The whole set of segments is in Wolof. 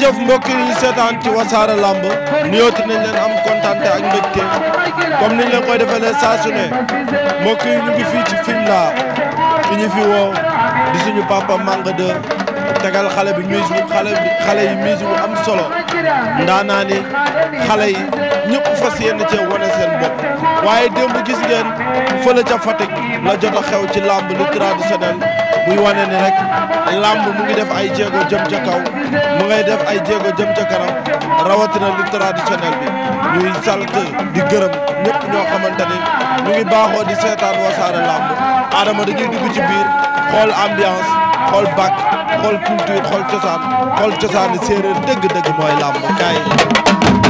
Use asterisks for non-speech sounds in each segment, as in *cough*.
jërëjëf mbokk yi ñu seetaan ci wasaare lamb nuyooti nañ leen am kontaan ak mbégte comme niñ leen koy defalee saa su ne mbokk yi ngi fii ci Fimela fi ñu fi woo di suñu papa Manga 2 tegal xale bi musique xale bi xale yi musique bu am solo naa ni xale yi ñëpp fas yéene cee wane seen bopp waaye démb gis ngeen fële ca Fatick la jot a xew ci lamb lu traditionnel muy wane ni rek lamb mu ngi def ay jéego jëm ca kaw. mu ngay def ay jéego jëm ca kanam rawatina lu traditionnel bi ñuy sant di gërëm ñëpp ñoo xamante ni ñu ngi baaxoo di seetaan Wassare Lamb Adama dañuy dugg ci biir xool ambiance xool bac xool culture xool cosaan xool cosaani séeréer dëgg-dëgg mooy làmb kaay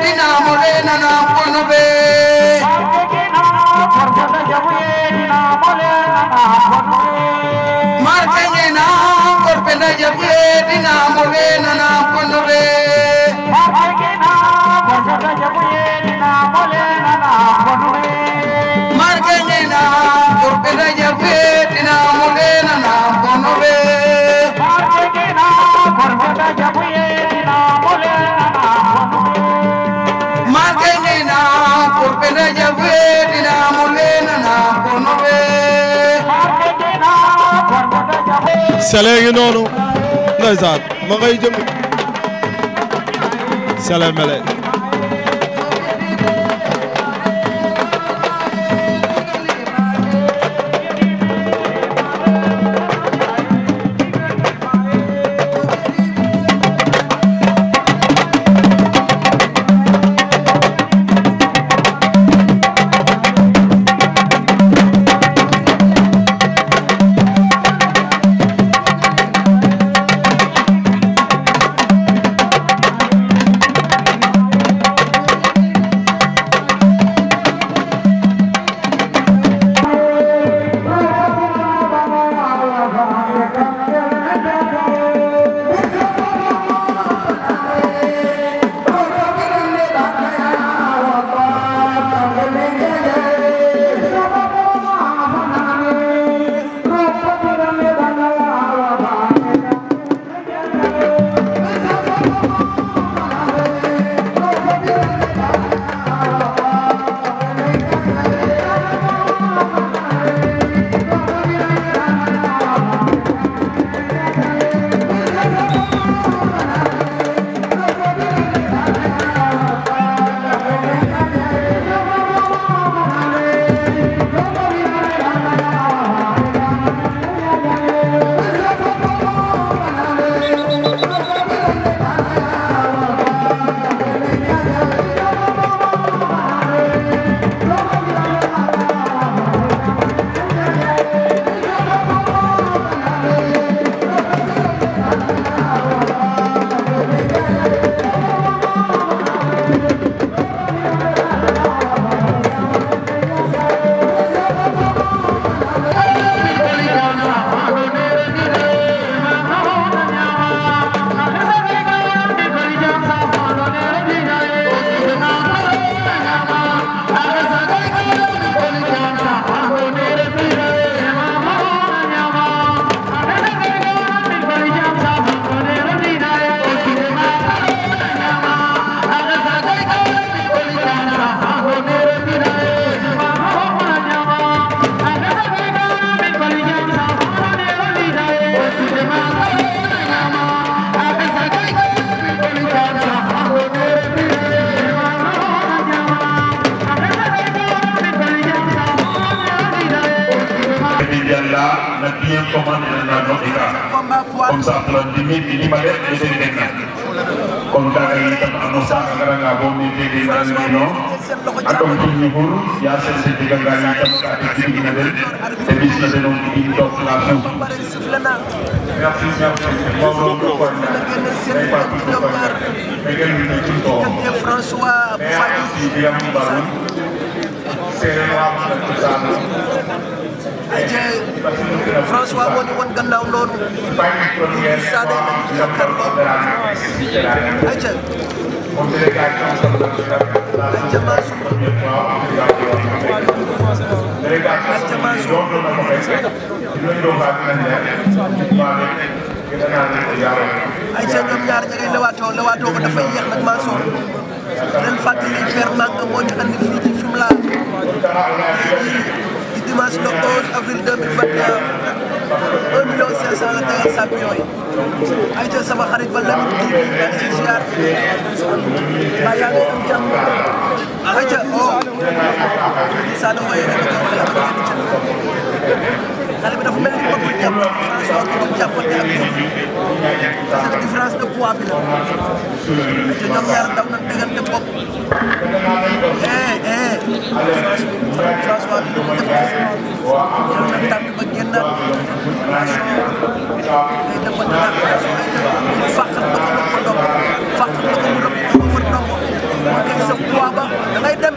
dina mo sele ngi noonu ndeysaan ma ngay jëm sele mele aɗon jogui hol ya sese jegagani tamkade jibina ɗen e bisna ɗen on ɗi dokla fo merci merci mawɗo ko korna mais pas tout ko korna mais ɓenmino cinko o françois merci wiyam mbaru séréwamna cosana eje françois woni won gannaw noonu saɗe yakkar ɗo eje ay ca ñoom ñaar ña ngay lewaatoo lewaatoo ko dafay yéex nag Mansour leen fàttali père Manga moo ñu andi fii ci Fimela di dimanche le 11 avril 2021 1 million 500 la tegal champion ay jël sama xarit ba Lamine TV maa ngi lay ziar mbaa yaa ngi am jàmm ay ca oh Sadio Maye xale bi dafa mel ni bëggul jàpp François bi moom jàppante ak moom parce que différence de poids bi la te ñoom ñaar daw na diggante bopp eh eh François bi lu mu def jël na tànk ba génnaat ay dëmbat na ay fàqal na ko mu ko ndomb fàqal na ko mu rëbb ko mu wër ndomb mu koy sa poids ba da ngay dem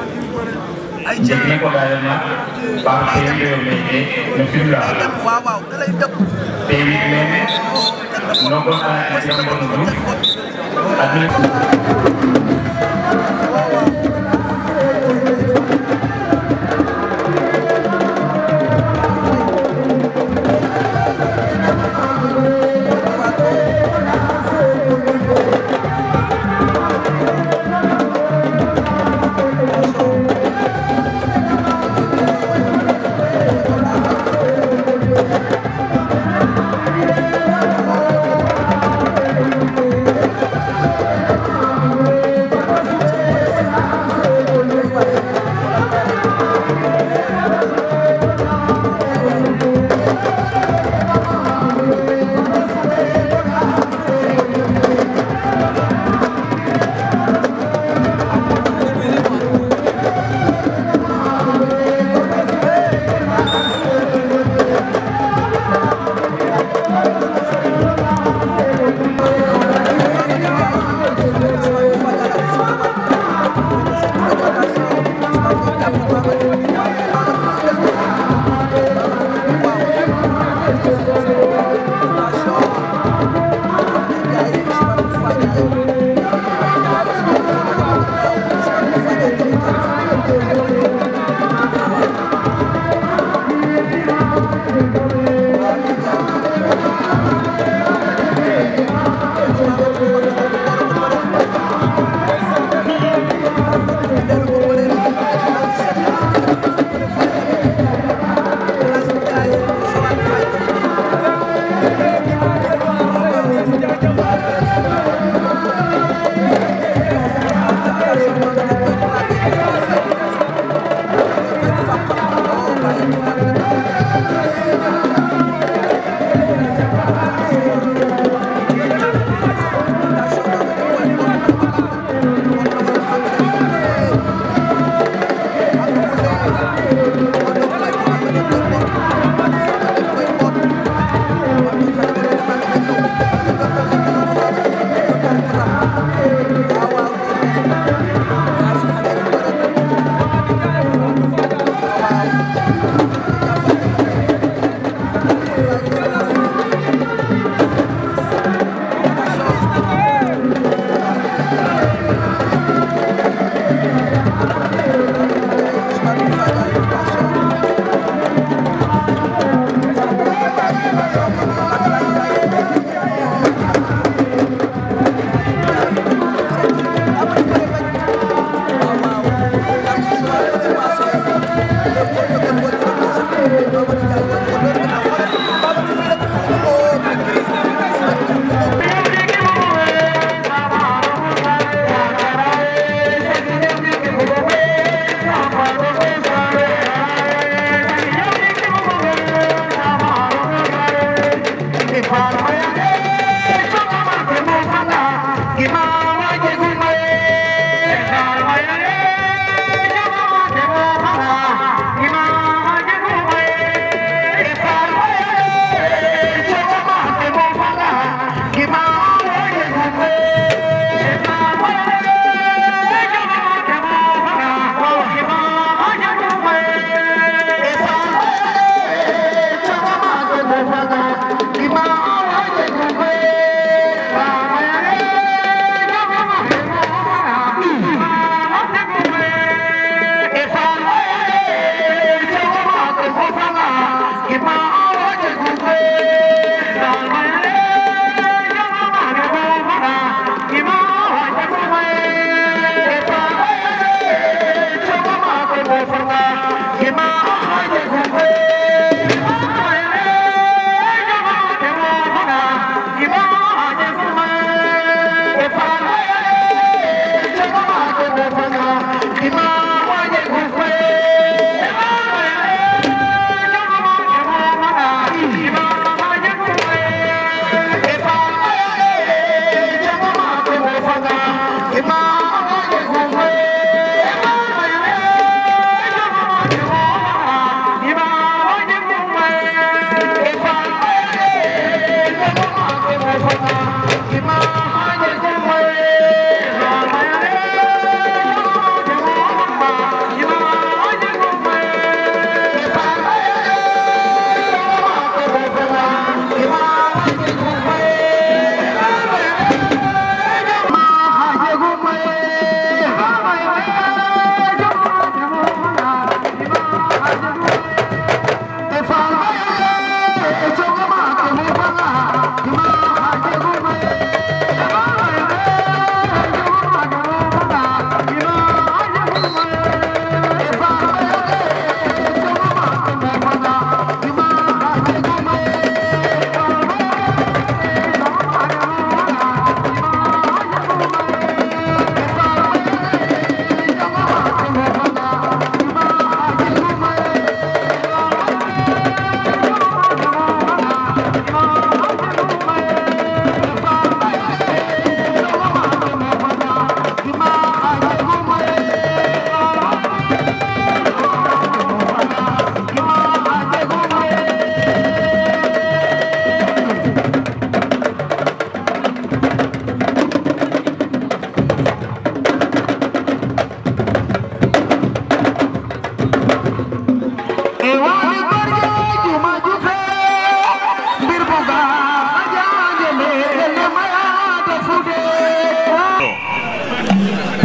ñu ko daal na par tey réew mi ne fim la tey mi ne nongo na ay jambon bu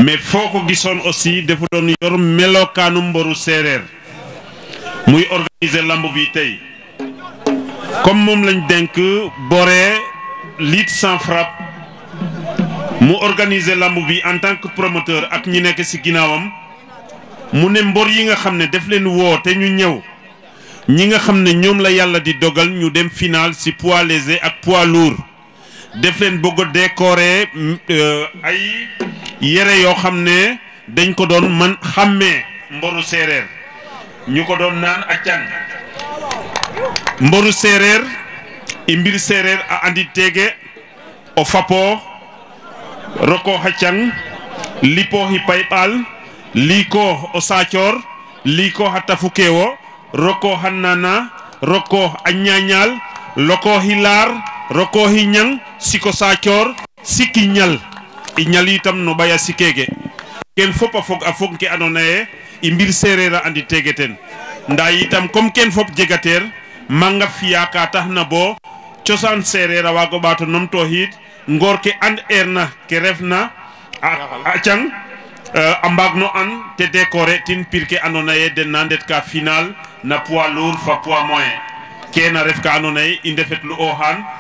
mais foo ko gisoon aussi dafa doon yor melokaanu mboru séeréer muy organiser lamb bi tey comme moom lañ denk boree liit sans frappe mu organiser lamb bi en tant que promoteur ak ñi nekk ci ginnaawam mu ne mbor yi nga xam ne def leen woo te ñu ñëw ñi nga xam ne ñoom la yàlla di dogal ñu dem final ci poids lesé ak poids lourd def leen bëgg mm, euh, ay yére yoo xam ne dañ ko doon man xàmmee mboru séeréer ñu ko doon naan accan mboru séeréer i mbir séeréer a andi tege o fapo roko haccan lipo hi payɓal liko o sacor liko ha tafuke o roko hannana roko a ñañal loko hi laar rokohi ñang siko saacor sikki ñal i ñal itam no ɓay a sikkeege fop a fog a fog ke andoona i mbir seereer a anditeege ten ndaa itam comme ken fop jegateer manga fi'a ka taxna bo cosaan seereer a waag o ɓaat o numtooxiid ngoor ke and eerna ke refna a cang euh, a mbaag no an te décorer tin pir ke andoona yee den na ndetka final na poids lourd fa poids moyen kena ref ka andoona yee i ndefetlu ooxaan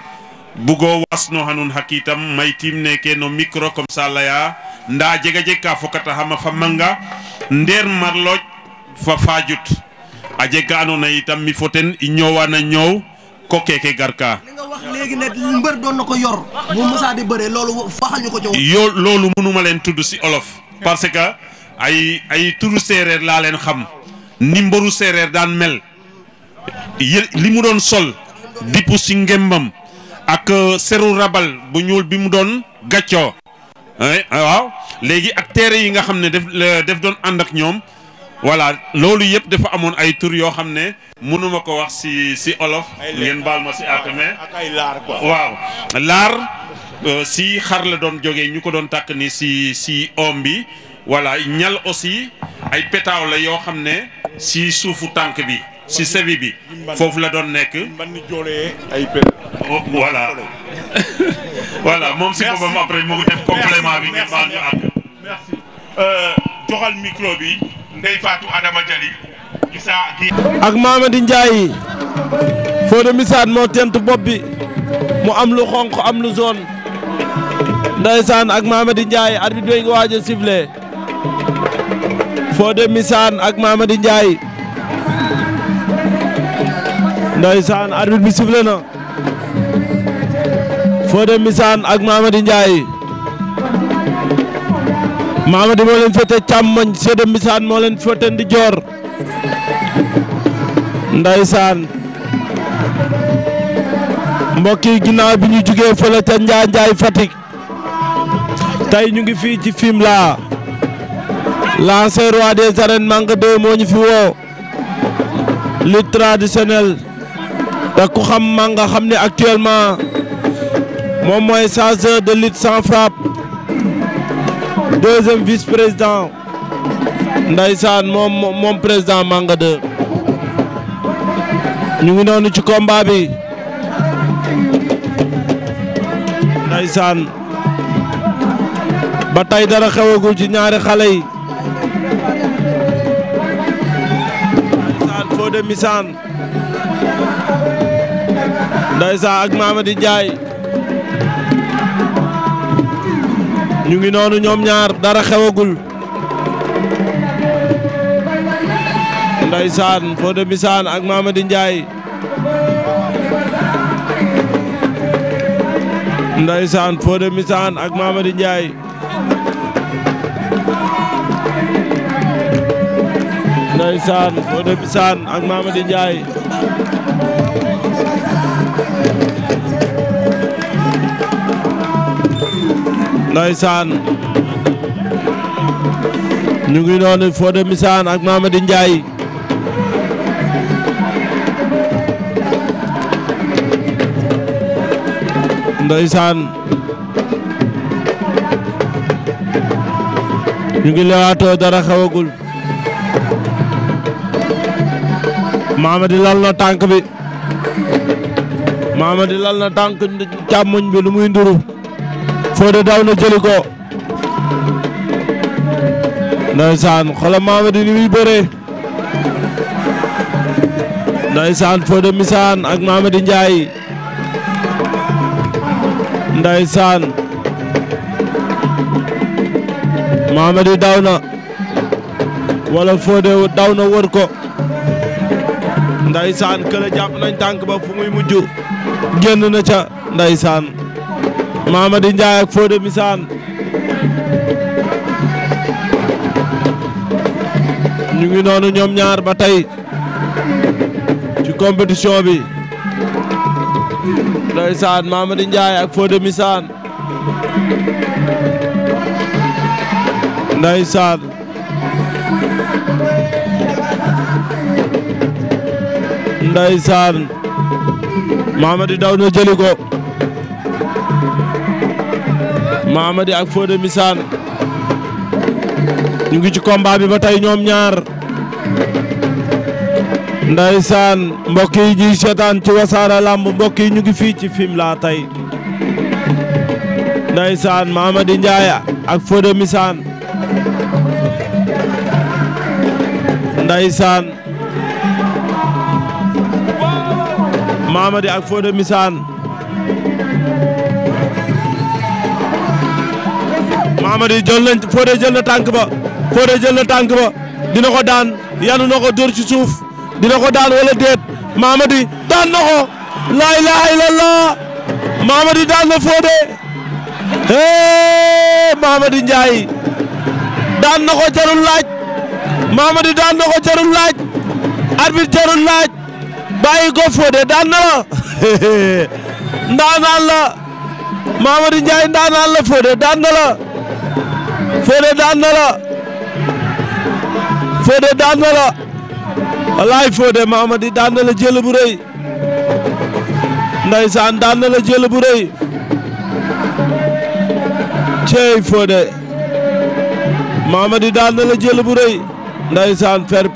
bugo wasno hanun hakitam may timne keno micro comme ça laya nda jega jeg ka fokata xama fa manga nder marloj fa fajut a jeg ka andona itam mi fo ten i ñowana ñoow ko keke garka li loolu mënuma leen tudd si olof parce que ay ay turu laa leen xam ni mbëru séeréer daan mel li mu doon sol dipu si ngembam ak euh, seru rabal bu ñuul bi mu doon gàccoo eh, eh, waaw léegi ak téere yi nga xam ne def doon ànd ak ñoom voilà loolu yëpp dafa amoon ay tur yoo xam ne mënuma ko wax si si olof ngeen baal ma si atame ak ay laar quoi waaw laar euh, si xar la doon jóge ñu ko doon tàkk ni si si om bi voilà ñal aussi ay pétaaw la yoo xam ne si suufu tànk bi si sebi bi foofu la doon nekk. Oh, voilà *laughs* voilà moom mu def complément bi ngeen baal ñu àgg. Euh, joxal micro bi Ndeye Fatou Adama Jali gisa ak Mamadi Ndiaye Fodé Missane moo tent bopp bi mu am lu xonq am lu zone ndeysaan ak Mamadi Ndiaye arbitre bi nga waaj a sifflé Fodé Missane ak Mamadi Ndiaye ndeysaan arbitre bi sifflé na Fodé Missane ak Mamady Ndiaye Mamady moo leen féete càmmoñ Fodé Missane moo leen féete ndijoor ndeysaan mbokk yi ginnaaw bi ñu jugee fële ca Njaay Njaay Fatick tey ñu ngi fii ci Fimela l'ancien roi des arènes Manga 2 moo ñu fi woo lutte traditionnelle te ku xam maa nga xam ne actuellement moom mooy chargeur de lutte sans frappe deuxième vice président ndaysaan moom moom président Manga 2 ñu ngi noonu ci combat bi ndaysaan ba tey dara xewagul ci ñaari xale yi ndaysaan Fodé Missane Ndaysa ak Mamady Ndiaye ñu ngi noonu ñoom ñaar dara xewagul Ndaysaan Fodé Missane ak Mamady Ndiaye Ndaysaan Fodé Missane ak Mamady Ndiaye Ndaysaan ndeysaan ñu ngi noonu Fodé Misaan ak Mamady Ndiaye ndeysaan ñu ngi lewaatoo dara xewagul Mamady lal na tànk bi Mamady lal na tànk càmmoñ bi lu muy nduru Fodé daw na jëli ko ndeysaan xoolal Mamady ni muy bëree ndeysaan Fodé misaan ak Mamady Ndiaye ndeysaan Mamady daw na wala Fodé daw na wër ko ndeysaan kële jàpp nañ tànk ba fu muy mujj génn na ca ndeysaan Mamady Ndiaye ak Fodé Misaan ñu ngi noonu ñoom ñaar ba tey ci compétition bi ndeysaan Mamady Ndiaye ak Fodé Misaan ndeysaan ndeysaan Mamady daw na jëli ko Mamady ak Fodé Missane ñu ngi ci combat bi ba tey ñoom ñaar ndaysaan mbokk yi ñuy seetaan ci wasaara lamb mbokk yi ñu ngi fii ci film laa tey ndaysaan Mamady Ndiaye ak Fodé Missane ndaysaan Mamady ak Fodé Misaan Mamady jël na Fodé jël ba Fodé jël na ba dina ko daan yanu na ko ci suuf dina ko daan wala déet Mamady daan na laa ilaaha illallah Mamady daan na Fodé laaj Mamady daan na ko laaj arbitre jarul laaj bàyyi ko Fodé daan na la *laughs* ndaanaan la Mamadou Ndiaye ndaanaan la Fodé daan na la daan na la daan na la daan na la bu rëy daan na la jël bu rëy cey daan na la jël bu rëy ndeysaan fair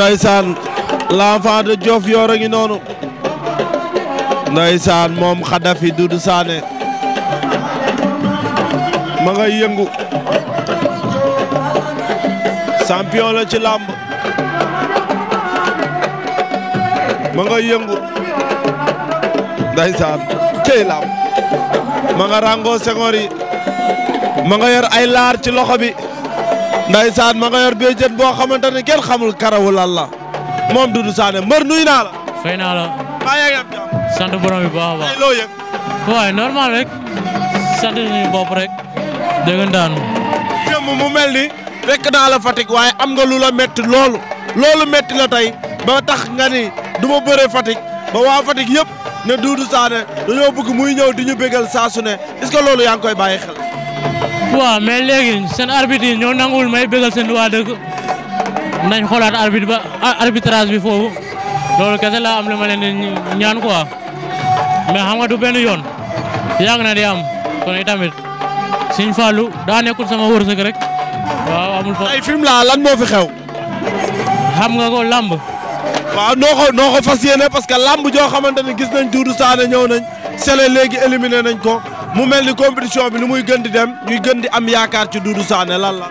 Ndeysaan l'enfant de Diof yor a ngi noonu Ndeysaan moom Xadafi Doudou Sané ma ngay yëngu champion la ci làmb ma nga yëngu ndeysaan tey làmb ma nga ràngoo sengoor ma nga yor ay laar ci loxo ndaysaan ma nga yor béykat boo xamante ne kenn xamul karawu lan la moom Doudou Sané mbër nuyu naa la. fay naa la. sant borom bi baax a baax. loo waaye normal rek sant nañu bopp rek. dégg nga daanu. jëmm mu mel ni. fekk naa la waaye am nga lu la métti loolu. loolu métti la tey ba tax nga ni du ma bëree Fatick ba waa Fatick yëpp ne Doudou Sané dañoo bëgg muy ñëw di ñu bégal saa su ne est-ce que loolu yaa ngi koy bàyyi xel. waaw mais léegi seen arbitre yi ñoo nanguwul may bégal seen waa dëkk nañ xoolaat arbitre bi foofu loolu kese laa am leen di ñaan quoi mais xam nga du benn yoon yàgg na di am kon itamit Sëñ Fallu daa nekkul sama wërsëg rek waaw amul fa. ay film la lan moo fi xew. xam nga ko lamb. waaw noo ko noo ko lamb joo xamante ne gis nañ Doudou Sané ñëw nañ sele léegi éliminé nañ ko mu mel ni compétition bi nu muy gën di dem muy gën di am yaakaar ci Doudou Sané lan la.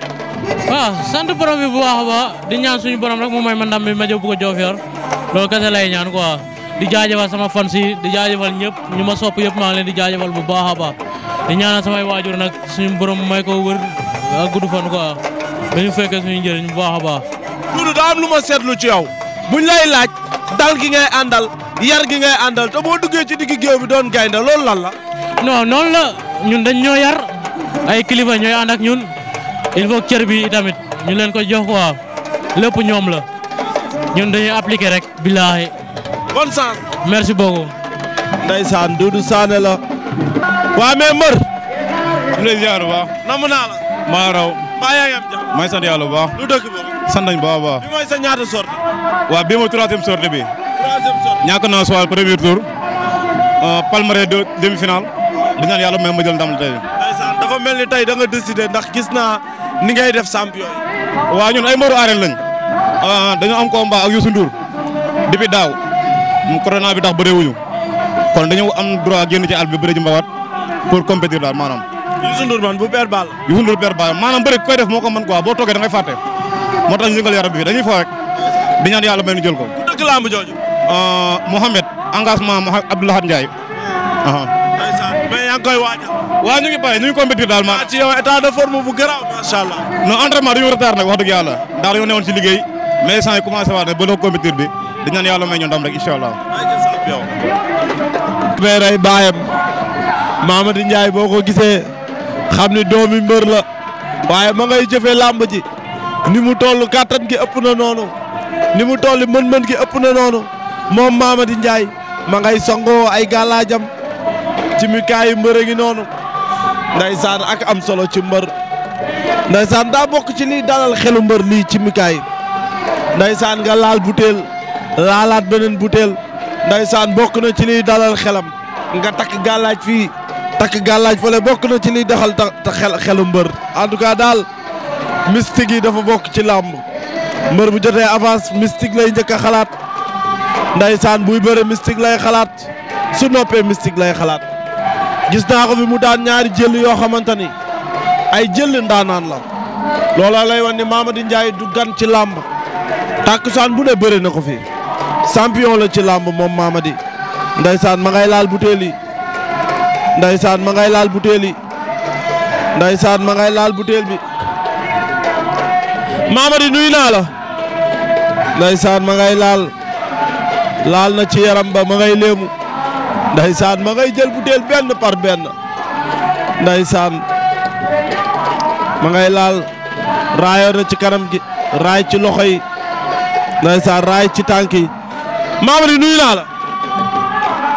waaw sant borom bi bu baax a baax di ñaan suñu borom rek mu may ma ndam bi ma jëm bu ko Diofior loolu kese lay ko quoi di jaajëfal sama fans yi di jaajëfal ñëpp ñu ma sopp yëpp maa ngi leen di jaajëfal bu baax a baax di ñaanal samay waajur nag suñu borom may ko wër ak ah, gudd fan quoi ba ñu fekkee suñu njëriñ bu baax a daa am lu ma seetlu ci aw buñ lay laaj dal gi ngay àndal yar gi ngay àndal te boo duggee ci digg géew bi doon gaynde loolu lan non noonu la ñun dañ ñoo yar ay kilifa ñooy ànd ak ñun il faut cër bi tamit ñu leen ko jox waaw lépp ñoom la ñun dañuy appliquer rek billaahi. bonne chance. merci beaucoup. ndeysaan Doudou Sané la. waa mais mbër. bu baax. namm naa la. maa raw. maa yaa ngi am jàmm. may sant yàlla bu baax. bi. sant nañu baax baax. bi mooy sa ñaata premier tour. Ah. Euh, palmarès demi-finale. di ñaan yàlla may ma jël ndam tey. ndeysaan dafa mel ni tey da nga décidé ndax gis naa ni ngay def champion yi. waaw ñun ay mbaru arène lañ ah, dañoo am combat ak Youssou Ndour depuis daaw corona bi tax bëree wuñu kon dañoo am droit génn ci àll bi bëri ji mbawaat pour maanaam. Youssou Ndour man bu per baal. Youssou Ndour per koy def moo ko mën quoi boo toogee da ngay fàtte moo tax ñu ngal yaram bi dañuy fo rek di ñaan yàlla may ñu jël ko. ku dëkk lamb jooju. Ah, Mohamed engagement Abdoulaye Ndiaye. Ah. ngi koy waajal. waaw ñu ngi bay ñu ngi compétir daal ma ci yow état de forme bu garaaw macha allah. non entraînement dañu retard nag wax dëgg yàlla ndax dañoo newoon ci liggéey mais saa yu commencé waat nag ba doon compétir bi di ñaan yàlla may ñoom rek incha allah. mais baayam Mamadou boo ko gisee xam ni doomi mbër la waaye ma ngay jëfee làmb ni mu toll kàttan gi ëpp na noonu ni mu toll mën-mën ki ëpp na noonu moom Mamadou Ndiaye ma ngay songoo ay gàllaajam timikaayu mbër a ngi noonu ndaysaan ak am solo ci mbër ndaysaan daa bokk ci liy dalal xelu mbër lii timikaay ndaysaan nga laal butéel laalaat beneen butéel ndaysaan bokk na ci liy dalal xelam nga takk gàllaaj fii takk gàllaaj fële bokk na ci liy doxal ta xelu mbër en tout cas daal mystique yi dafa bokk ci làmb mbër bu jotee avance mystique lay njëkk a xalaat ndaysaan buy bëre mystique lay xalaat su noppee mystique lay xalaat gis naa ko fi mu daan ñaari jël yoo xamante ni ay jël ndaanaan la loola lay wan ni Mamady Ndiaye du gan ci làmb tàkkusaan bu ne bëri na ko fi champion la ci làmb moom Mamady ndaysaan ma ngay laal butéel yi ndaysaan ma ngay laal butéel yi ndaysaan ma ngay laal butéel bi Mamady nuyu naa la ndaysaan ma ngay laal laal na ci yaram ba ma léemu ndaysaan ma ngay jël butéel benn par benn ndaysaan ma ngay laal raayoon ci kanam gi raay ci loxo yi ndaysaan raay ci tànk yi Mamady nuyu naa la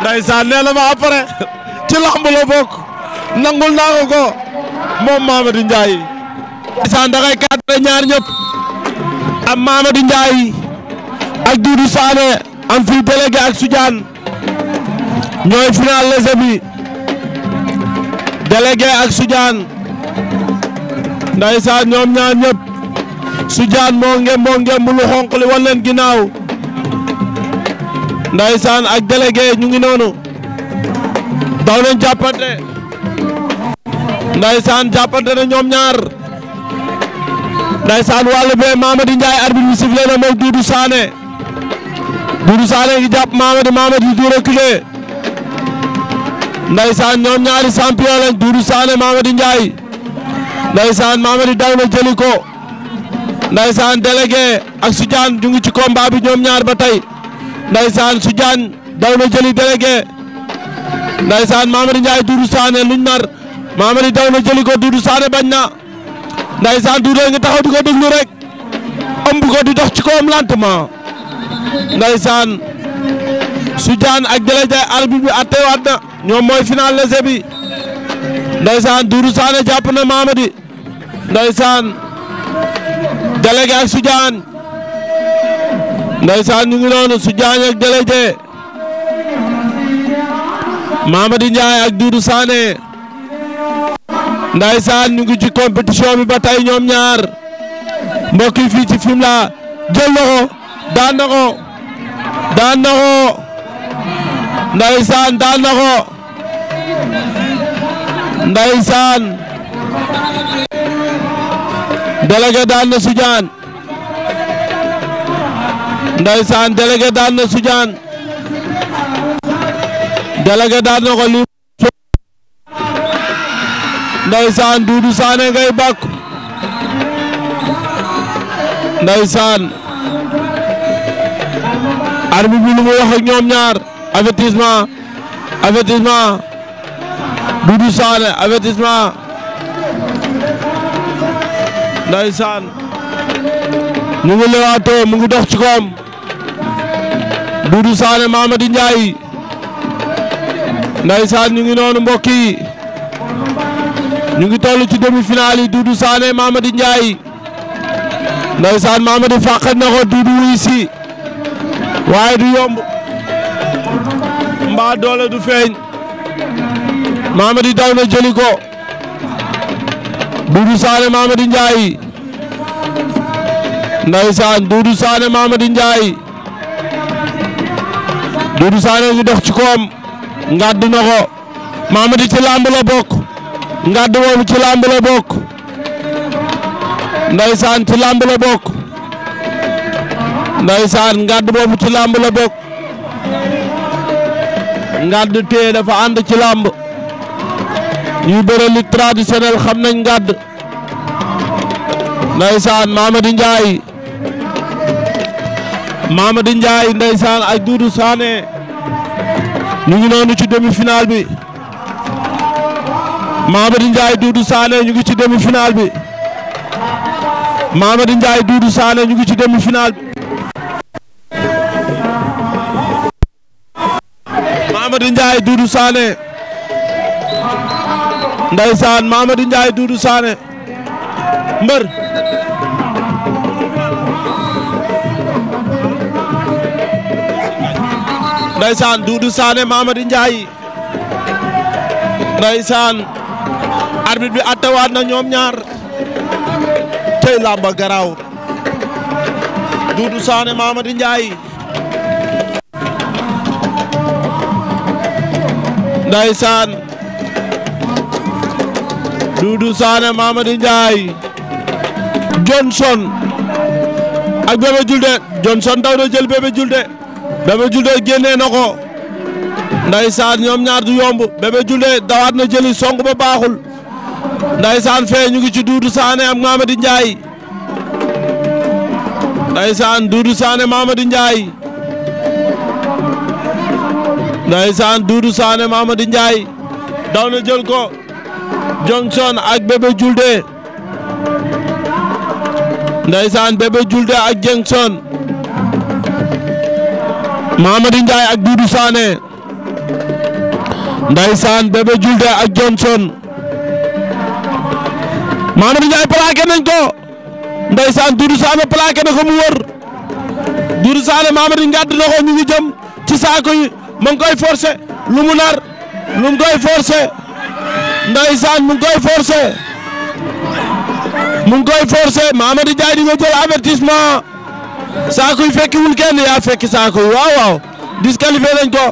ndaysaan nee na ma après *laughs* ci lamb la bokk nangul naa ko ko moom Mamady Ndiaye ndaysaan da ngay cadré ñaar ñëpp am Mamady Ndiaye ak Doudou Sané am fii délégué ak Soudiane ñooy final lese bi délégué ak Soudiane ndeysaan ñoom ñaar ñëpp Soudiane moo ngem moo ngem lu xonq li wan leen ginnaaw ndeysaan ak délégué ñu ngi noonu daw nañ jàppante ndeysaan jàppante na ñoom ñaar ndeysaan wàllu bee Mamady Ndiaye arbitre bi sifflé na moog Doudou Sané Doudou Sané ngi jàpp Mamady ndaysaan ñoom ñaari champion lañ Doudou Sané Mamady Ndiaye ndaysaan Mamady daw na jëli ko ndaysaan délégué ak Soudiane ñu ngi ci combat bi ñoom ñaar ba tey ndaysaan Soudiane daw na jëli délégué ndaysaan Mamady Ndiaye Doudou Sané luñ nar Mamady daw na jëli ko Doudou Sané bañ na ndaysaan Doudou nga taxaw di ko déglu rek ëmb di dox ci kawam lentement ndaysaan Soudiane ak délégué arbitre bi atteewaat na ñoom mooy final lese bi ndeysaan Doudou Sané jàpp na Mamadi ndeysaan délégué ak Soudiane ndeysaan ñu ngi noonu Soudiane ak délégué Mamadi Ndiaye ak Doudou Sané ndeysaan ñu ngi ci compétition bi ba ñoom ñaar mbokk yi ci Fimela jël na ko daan na ko daan na daan na ko Ndeysaan délégué daan na Soudiane Ndeysaan délégué daan na Soudiane délégué daan na ko li Ndeysaan Doudou Sané ngay bàkku Ndeysaan arbitre bi lu mu wax ak ñoom ñaar avertissement avertissement Doudou Sané avertissement ndeysaan ñu ngi lewaatoo mu ngi dox ci koom Doudou Sané Mamady Ndiaye ndeysaan ñu ngi noonu mbokk yi ñu ngi toll ci demi-finale yi Doudou Sané Mamady Ndiaye ndeysaan Mamady fàqat na ko Doudou wuy waaye du yomb mbaa doole du feeñ Mamady daw na jëli ko Doudou Sané Mamady Ndiaye ndeysaan Doudou Sané Mamady Ndiaye Doudou Sané ngi dox ci koom ngàdd na ko Mamady ci làmb la bokk ngàdd moom ci làmb la bokk ndeysaan ci làmb la bokk ndeysaan ngàdd moom ci làmb la bokk ngàdd tee dafa ànd ci làmb ñuy bëre lutte traditionnelle xam nañ ngàdd ndeysaan Mamadi Ndiaye Mamadi Ndiaye ndeysaan ak Doudou Sané ñu ngi noonu ci demi-finale bi Mamadi Ndiaye Doudou Sané ñu ngi ci demi-finale bi Mamadi Ndiaye Doudou Sané ñu ngi ci demi-finale bi Ndeysaan Mamadou Ndiaye Doudou Sané mbër Ndeysaan Doudou Sané Mamadou Ndiaye Ndeysaan arbitre bi attewaat na ñoom ñaar tey làmba garaaw Doudou Sané Mamadou Ndiaye Ndeysaan Doudou Sané Mamadou Ndiaye Johnson ak Bébé Diouldé Johnson daw na jël Bébé Diouldé Bébé Diouldé génnee na ko ndaysaan ñoom ñaar du yomb Bébé Diouldé na jëli song ba baaxul ndaysaan fee ñu ngi ci Doudou Sané ak Mamadou Ndiaye ndaysaan Doudou Sané Mamadou daw na jël ko Johnson ak Bébé Diouldé ndeysaan Bébé Diouldé ak Johnson Mamady Ndiaye ak Doudou Sané ndeysaan Bébé Diouldé ak Johnson Mamady Ndiaye plaqué nañ ko ndeysaan Doudou Sané plaqué na ko mu wër Doudou Sané Mamady ngàdd na ko ñu ngi ci saako yi mu lu mu nar lu mu ndeysaan mu ngi koy mu ngi koy forcer Mamadou Ndiaye di nga jël avertissement saako yi fekkiwul kenn yaa fekki saako yi waaw waaw disqualifié nañ ko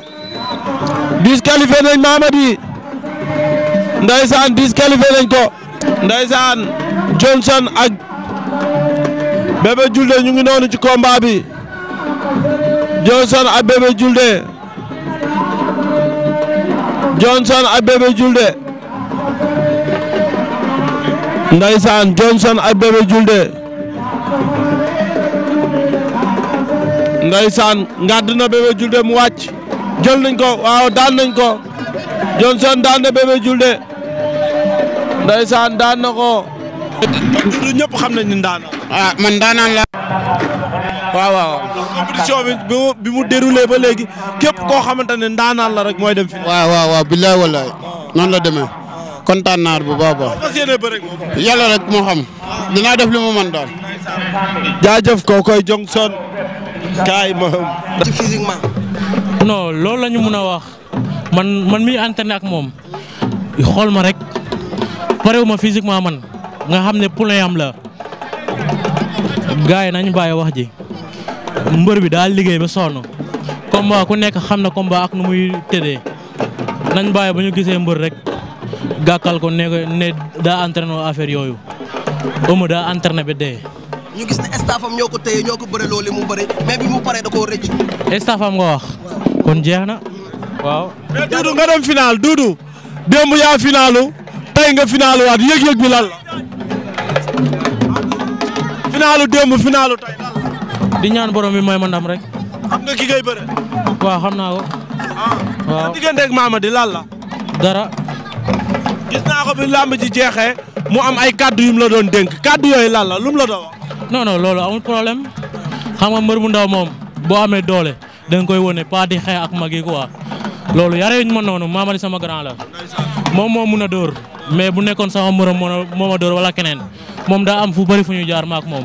disqualifié nañ Mamadou ndeysaan disqualifié nañ ko ndeysaan Johnson ak Bébé Diouldé ñu ngi noonu ci combat bi Johnson ak Bébé Diouldé Johnson ak Bébé Diouldé Ndeysaan Johnson ak Bébé Diouldé Ndeysaan ngàdd na Bébé Diouldé mu wàcc jol nañ ko waaw daan nañ ko Johnson daan na Bébé Diouldé Ndeysaan daan na ko. ñëpp xam nañ ni daan ah man daanaan la. waaw bi mu mu déroulé ba léegi képp koo xamante ne ndaanaan la rek mooy dem fi waaw waaw billaay wallaay noonu la demee kontaan naa bu baax a baax yàlla rek moo xam dinaa def li mu mën daal. jaajëf kookoy Johnson kaay ma. ci loolu la mun a wax man man miy entraîné ak moom xool ma rek parewu ma physiquement man nga xam ne poulain am la gars yi nañu bàyyi wax ji mbër bi daal liggéey ba sonn combat ku nekk xam na combat ak nu muy tëddee nañ bàyyi ba ñu gisee mbër rek. gàkkal ko ne ko ne daa yooyu Eumeu daa entraîné ba dee. ñu gis ne staffam ñoo ko téye ñoo ko bëre mu bëre mais bi mu paree da koo rëcc. staffam nga wax. kon jeex na waaw. mais Doudou nga dem final Doudou démb yaa finalu tey nga finalu waat yëg-yëg bi lan la. finalu démb di ñaan borom bi may ma rek. xam xam naa ko. Ah. waaw diggante ak Mamadi lan la. dara. gis naa ko bi làmb ji jeexee mu am ay kàddu yu la doon dénk kàddu yooyu lan la lu mu la doon wax. non non loolu amul problème xam nga mbër bu ndaw moom boo amee doole da koy wane pas di xeex ak mag yi quoi loolu yaree ñu ma noonu Mamadi sama grand la moom moo mun a dóor mais bu nekkoon sama mërëm moo ma dóor wala keneen moom daa am fu bëri fu ñu jaar maak moom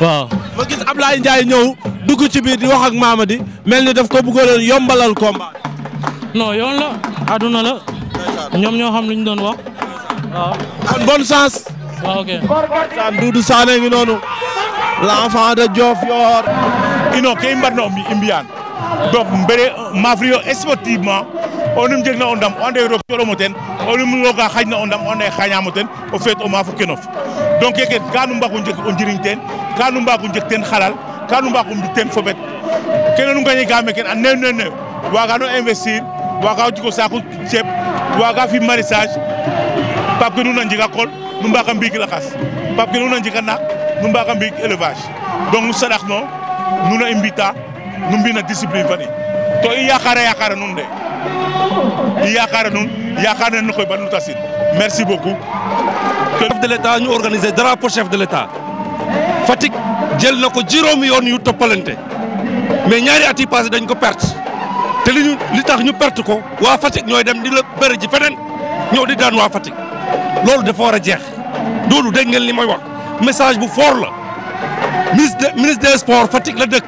waaw. ma gis Ablaye Ndiaye ñëw dugg ci biir di wax ak Mamadi mel ni daf ko bëggoon yombalal combat. non yoon la aduna la. ñoom ñoo xam lu ñu doon wax waaw. kon bonne chance. waaw ok. Sane Doudou Sané ngi noonu. l'enfant de Diofior. ino ke i mbarno donc mbere maafri yo sportivement onum jegna o o ande roog coɗomo ten onum rooga xaƴna o ndam o ande xañamo o feet o maaf o kenof donc keke ka nu o njiriñ teen ka nu mbaago jeg teen xalal ka nu mbaago mbi teen foɓet kene nu gañe a neew neew neew investir waga o jiko ceeb waa waga fi maraissage paap ke nuun a njega qol nu mbaga mbi'ik lakas paap ke nuun a njega naak nu mbaga mbi'ik élevage donc nu saɗax no nuun i mbita nu mbina discipline fani to i yakara yakara nuun de i yakara nuun yakar ne nuun koy ba nu tasin merci beaucoup chef de l'État ñu organiser drapeau chef de l'État Fatick jël na ko juróomi yoon yu toppalante mais ñaari at yi dañ ko perte te li ñu li tax ñu perte ko waa Fatick ñooy dem di la bëri ji feneen ñëw di daan waa Fatick loolu dafa war a jeex loolu dégg ngeen li may wax message bu fort la ministre de des sports Fatick la dëkk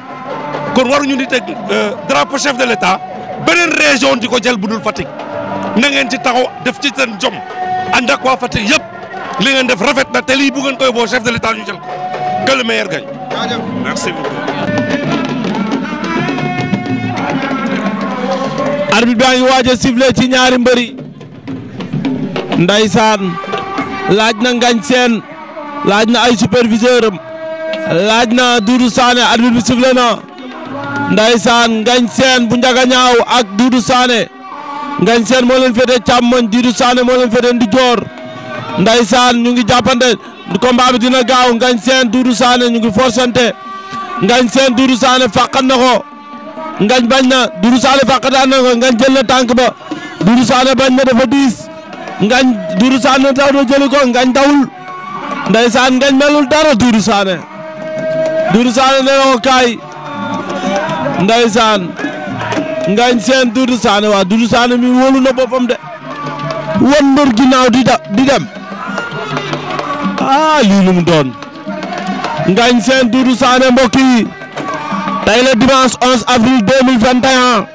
kon ñu di teg euh, drapeau chef de l'État beneen région di ko jël bu dul Fatick na ngeen ci taxaw def ci seen jom ànd ak waa Fatick yëpp li ngeen def rafet na te lii bu ngeen koy boo chef de l'État ñu jël ko que le arbitre bi ngi waaj a sifflé ci ñaari mbëri ndaysaan laaj na ngañ seen laaj na ay superviseur laaj na Doudou Sané arbitre bi sifflé na ndaysaan ngañ seen bu njaga ak Doudou Sané ngañ seen moo leen féete càmmoñ Doudou Sané moo leen féete ndijoor ndaysaan ñu ngi jàppante combat bi dina gaaw ngañ seen Doudou Sané ñu ngi forcante ngañ seen Doudou Sané fàqan na ko ngañ bañ na Doudou Sané fàqataan na ko ngañ jël na tànk ba Doudou bañ na dafa diis ngañ Doudou daw na jëli ko ngañ dawul ndeysaan ngañ melul dara Doudou Sané na ko kaay ndeysaan ngañ seen Doudou Sané waa mi wóolu na boppam de wan mbër di dem ah lii doon ngañ seen Doudou Sané tey la dimanche 11 avril 2021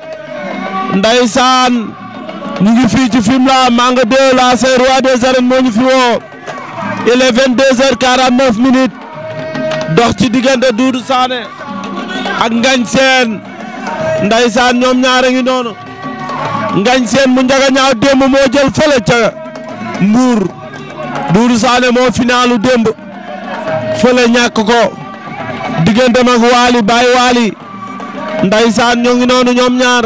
ndeysaan ñu ngi fii ci Fimela Manga 2 la c'est roi des arènes moo ñu fi woo il est 22h49 minutes dox ci diggante Doudou ak Ngagne Sène ñoom ñaar a ngi noonu Ngagne mu njaga ñaaw démb moo jël fële ca Mbour Doudou Sané moo finalu démb fële ñàkk ko diggante ak Waly Baye Waly ndeysaan ñoo ngi noonu ñoom ñaar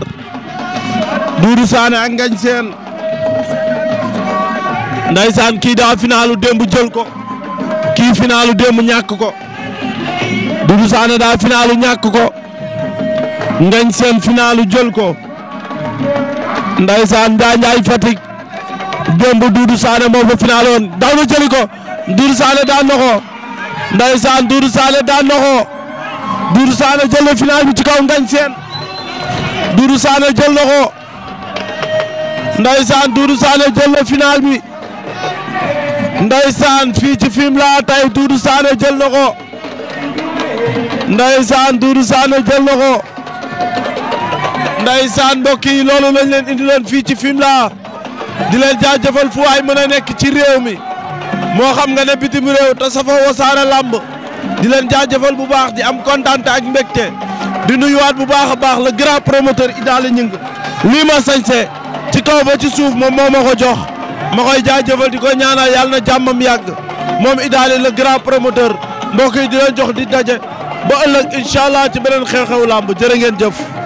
Doudou Sané ak Ngagne Sène ndeysaan kii daa finalu démb jël ko kii finalu démb ñàkk ko Doudou Sané daa finalu ñàkk ko Ngagne Sène finalu jël ko ndeysaan Njaay Njaay Fatick démb Doudou Sané moo fa finaloon daw na jëli ko Doudou Sané daan na ndaysaan Doudou Sané daan na ko Doudou Sané na final bi ci kaw ngañ seen Doudou Sané jël na ko ndaysaan Doudou Sané jël na final bi ndaysaan fii ci film laa tey Doudou Sané jël na ko ndaysaan Doudou Sané yi loolu lañ leen fii ci film laa di leen jaajëfal fu waay mën a nekk ci réew mi moo xam nga ne bitim réew te safoo wasaare làmb di leen jaajëfal bu baax di am kontaante ak mbégte di nuyuwaat bu baax a baax le grand promoteur Idaly Gningue lii ma sañse ci kaw ba ci suuf moom moo ma ko jox ma koy jaajëfal di ko ñaanal yàlla na jàmmam yàgg moom Idaly le grand promoteur mbokk yi di leen jox di daje ba ëllëg incha allah ci beneen xew-xew làmb jërë ngeen jëf.